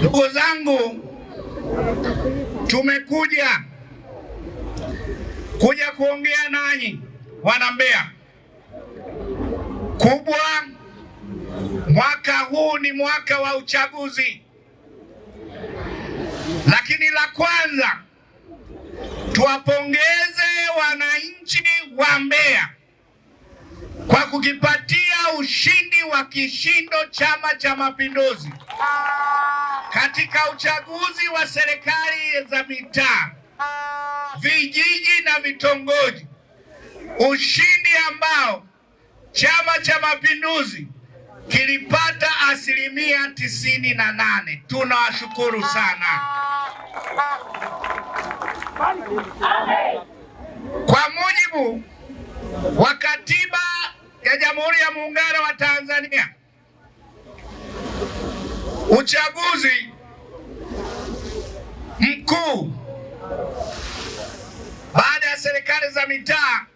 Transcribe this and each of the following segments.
Ndugu zangu, tumekuja kuja kuongea nanyi wana Mbeya. Kubwa, mwaka huu ni mwaka wa uchaguzi, lakini la kwanza tuwapongeze wananchi wa Mbeya kwa kukipatia ushindi wa kishindo Chama cha Mapinduzi. Katika uchaguzi wa serikali za mitaa, vijiji na vitongoji, ushindi ambao Chama cha Mapinduzi kilipata asilimia tisini na nane. Tunawashukuru sana kwa mujibu wa katiba ya Jamhuri ya Muungano wa Tanzania uchaguzi mkuu baada ya serikali za mitaa,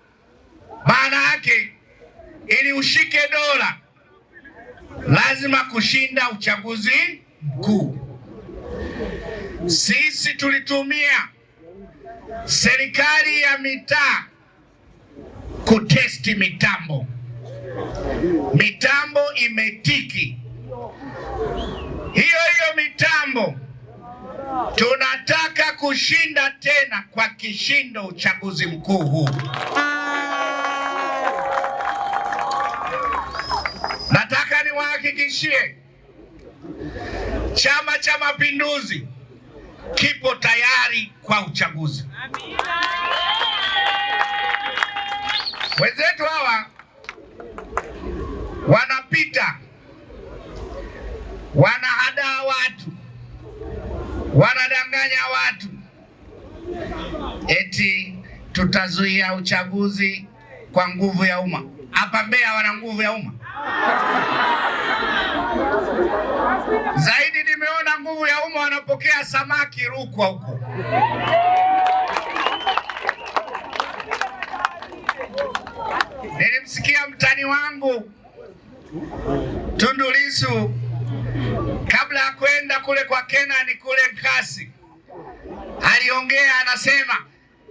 maana yake ili ushike dola lazima kushinda uchaguzi mkuu. Sisi tulitumia serikali ya mitaa kutesti mitambo, mitambo imetiki hiyo hiyo mitambo tunataka kushinda tena kwa kishindo uchaguzi mkuu huu. Nataka niwahakikishie Chama cha Mapinduzi kipo tayari kwa uchaguzi. Wenzetu hawa wanapita wanahadaa watu, wanadanganya watu eti tutazuia uchaguzi kwa nguvu ya umma. Hapa Mbeya wana nguvu ya umma zaidi. Nimeona nguvu ya umma wanapokea samaki Rukwa huko nilimsikia mtani wangu Tundu Lissu kabla ya kwenda kule kwa Kenani kule Nkasi, aliongea anasema,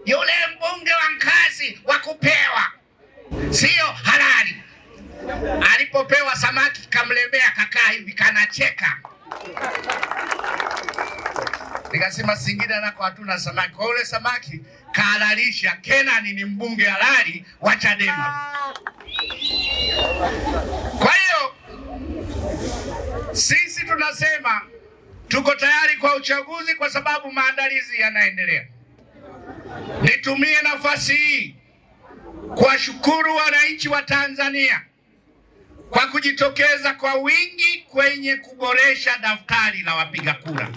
yule mbunge wa Nkasi wa kupewa sio halali. Alipopewa samaki kamlemea, kakaa hivi kanacheka. Nikasema Singida nako hatuna samaki. Kwa ule samaki kahalalisha. Kenani ni mbunge halali wa Chadema. tunasema tuko tayari kwa uchaguzi kwa sababu maandalizi yanaendelea. Nitumie nafasi hii kuwashukuru wananchi wa Tanzania kwa kujitokeza kwa wingi kwenye kuboresha daftari la wapiga kura.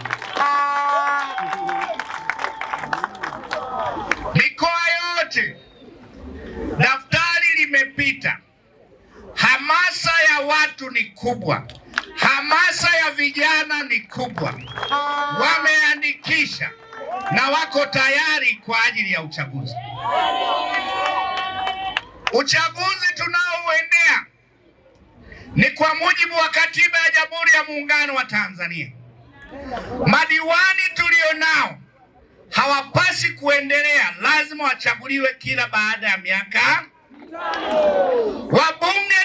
Mikoa yote daftari limepita, hamasa ya watu ni kubwa. Hamasa ya vijana ni kubwa, wameandikisha na wako tayari kwa ajili ya uchaguzi. Uchaguzi tunaoendea ni kwa mujibu wa katiba ya Jamhuri ya Muungano wa Tanzania. Madiwani tulionao hawapasi kuendelea, lazima wachaguliwe kila baada ya miaka. Wabunge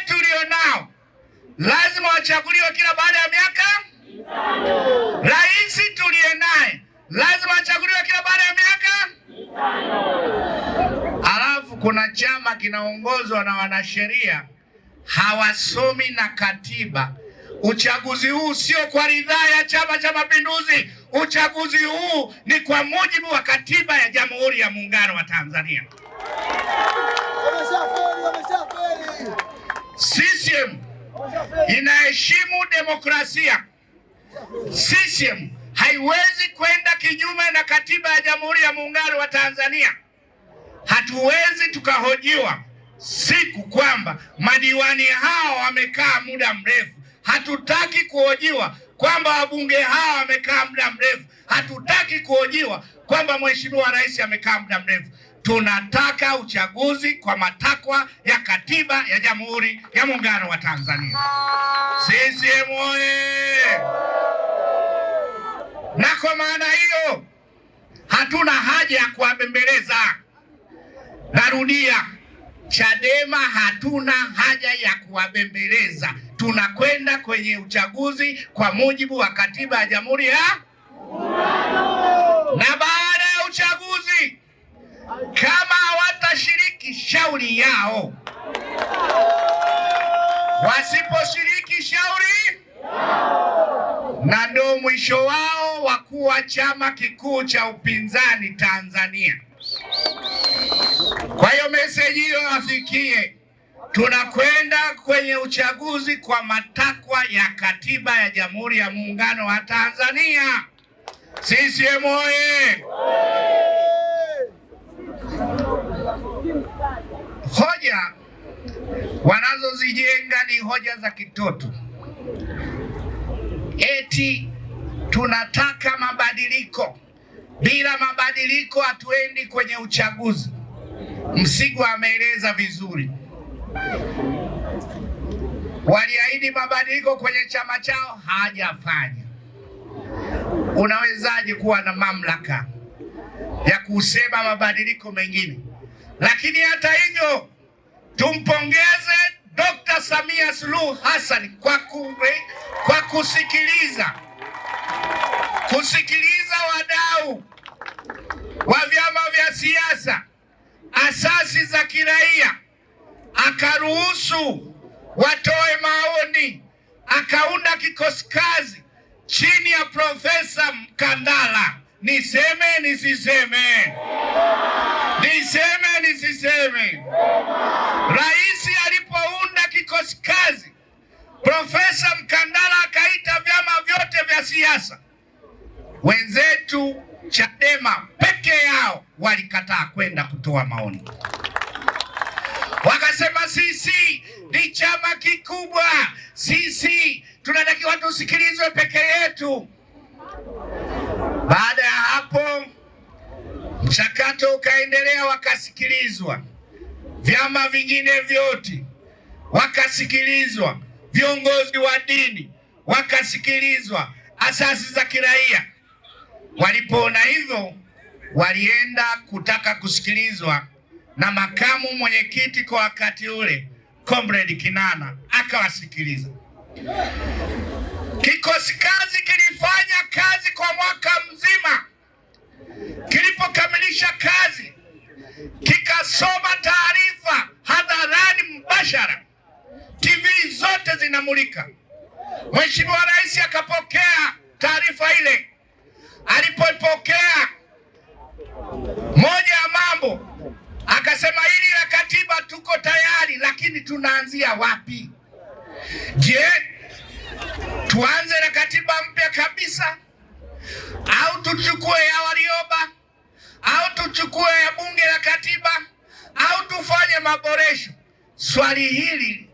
lazima wachaguliwe kila baada ya miaka mitano. Rais tuliye naye lazima wachaguliwe kila baada ya miaka mitano. Alafu kuna chama kinaongozwa na wanasheria hawasomi na katiba. Uchaguzi huu sio kwa ridhaa ya Chama cha Mapinduzi. Uchaguzi huu ni kwa mujibu wa katiba ya Jamhuri ya Muungano wa Tanzania. CCM inaheshimu demokrasia. CCM haiwezi kwenda kinyume na katiba ya Jamhuri ya Muungano wa Tanzania. Hatuwezi tukahojiwa siku kwamba madiwani hawa wamekaa muda mrefu. Hatutaki kuhojiwa kwamba wabunge hawa wamekaa muda mrefu. Hatutaki kuhojiwa kwamba mheshimiwa rais amekaa muda mrefu tunataka uchaguzi kwa matakwa ya katiba ya Jamhuri ya Muungano wa Tanzania. CCM oye! Na kwa maana hiyo hatuna haja ya kuwabembeleza. Narudia, Chadema hatuna haja ya kuwabembeleza. Tunakwenda kwenye uchaguzi kwa mujibu wa katiba ya Jamhuri ya na shauri yao. Wasiposhiriki shauri na ndo mwisho wao wa kuwa chama kikuu cha upinzani Tanzania. Kwa hiyo meseji hiyo afikie, tunakwenda kwenye uchaguzi kwa matakwa ya katiba ya Jamhuri ya Muungano wa Tanzania. CCM oye! wanazozijenga ni hoja za kitoto, eti tunataka mabadiliko, bila mabadiliko hatuendi kwenye uchaguzi. Msigwa ameeleza vizuri, waliahidi mabadiliko kwenye chama chao, hajafanya. Unawezaje kuwa na mamlaka ya kusema mabadiliko mengine? Lakini hata hivyo Tumpongeze Dr. Samia Suluhu Hassan kwa, kwa kusikiliza kusikiliza wadau wa vyama vya siasa, asasi za kiraia, akaruhusu watoe maoni, akaunda kikosi kazi chini ya Profesa Mkandala. Niseme nisiseme? Niseme nisiseme? vikosi kazi. Profesa Mkandala akaita vyama vyote vya siasa, wenzetu Chadema peke yao walikataa kwenda kutoa maoni, wakasema sisi ni chama kikubwa, sisi tunatakiwa tusikilizwe peke yetu. Baada ya hapo mchakato ukaendelea, wakasikilizwa vyama vingine vyote wakasikilizwa, viongozi wa dini wakasikilizwa, asasi za kiraia. Walipoona hivyo, walienda kutaka kusikilizwa na makamu mwenyekiti kwa wakati ule Comrade Kinana akawasikiliza. Kikosi kazi kilifanya kazi kwa mwaka mzima. Kilipokamilisha kazi kikasoma kumulika. Mheshimiwa Rais akapokea taarifa ile. Alipopokea moja ya mambo akasema, hili la katiba tuko tayari, lakini tunaanzia wapi? Je, tuanze na katiba mpya kabisa au tuchukue ya Warioba au tuchukue ya bunge la katiba au tufanye maboresho? Swali hili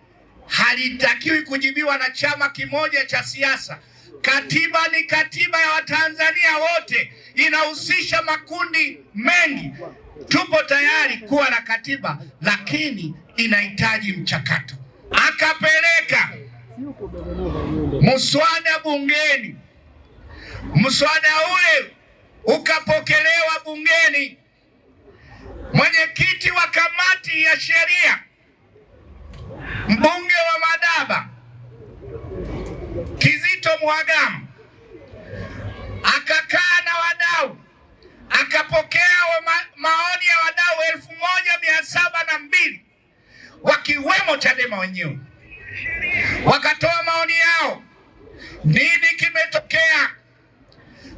halitakiwi kujibiwa na chama kimoja cha siasa. Katiba ni katiba ya Watanzania wote, inahusisha makundi mengi. Tupo tayari kuwa na katiba, lakini inahitaji mchakato. Akapeleka mswada bungeni, mswada ule ukapokelewa bungeni. Mwenyekiti wa kamati ya sheria mbunge wa Madaba Kizito Mhagama akakaa na wadau akapokea wa maoni ya wadau elfu moja mia saba na mbili wakiwemo Chadema wenyewe, wakatoa maoni yao, nini kimetokea.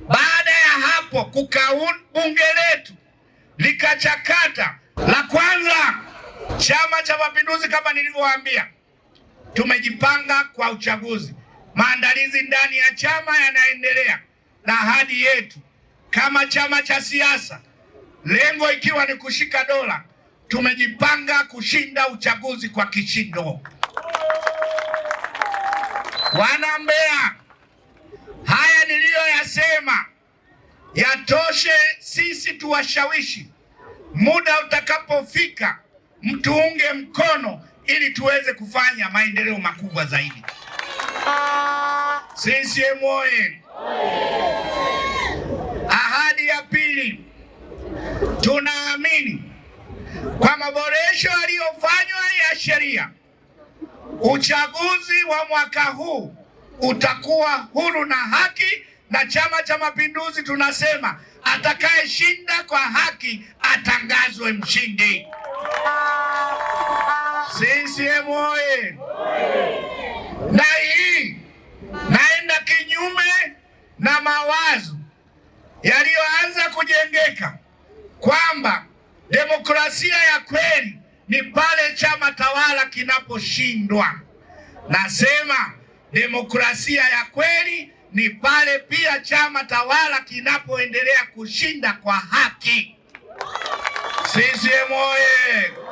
Baada ya hapo, kukaa bunge letu likachakata la kwanza Chama cha Mapinduzi kama nilivyowaambia, tumejipanga kwa uchaguzi. Maandalizi ndani ya chama yanaendelea, na ahadi yetu kama chama cha siasa, lengo ikiwa ni kushika dola, tumejipanga kushinda uchaguzi kwa kishindo. Wana Mbeya, haya niliyoyasema yatoshe. Sisi tuwashawishi, muda utakapofika mtuunge mkono ili tuweze kufanya maendeleo makubwa zaidi. CCM oye! Ahadi ya pili, tunaamini kwa maboresho yaliyofanywa ya sheria, uchaguzi wa mwaka huu utakuwa huru na haki, na Chama cha Mapinduzi tunasema atakayeshinda kwa haki atangazwe mshindi. CCM oye! Na hii naenda kinyume na mawazo yaliyoanza kujengeka kwamba demokrasia ya kweli ni pale chama tawala kinaposhindwa. Nasema demokrasia ya kweli ni pale pia chama tawala kinapoendelea kushinda kwa haki. CCM oye!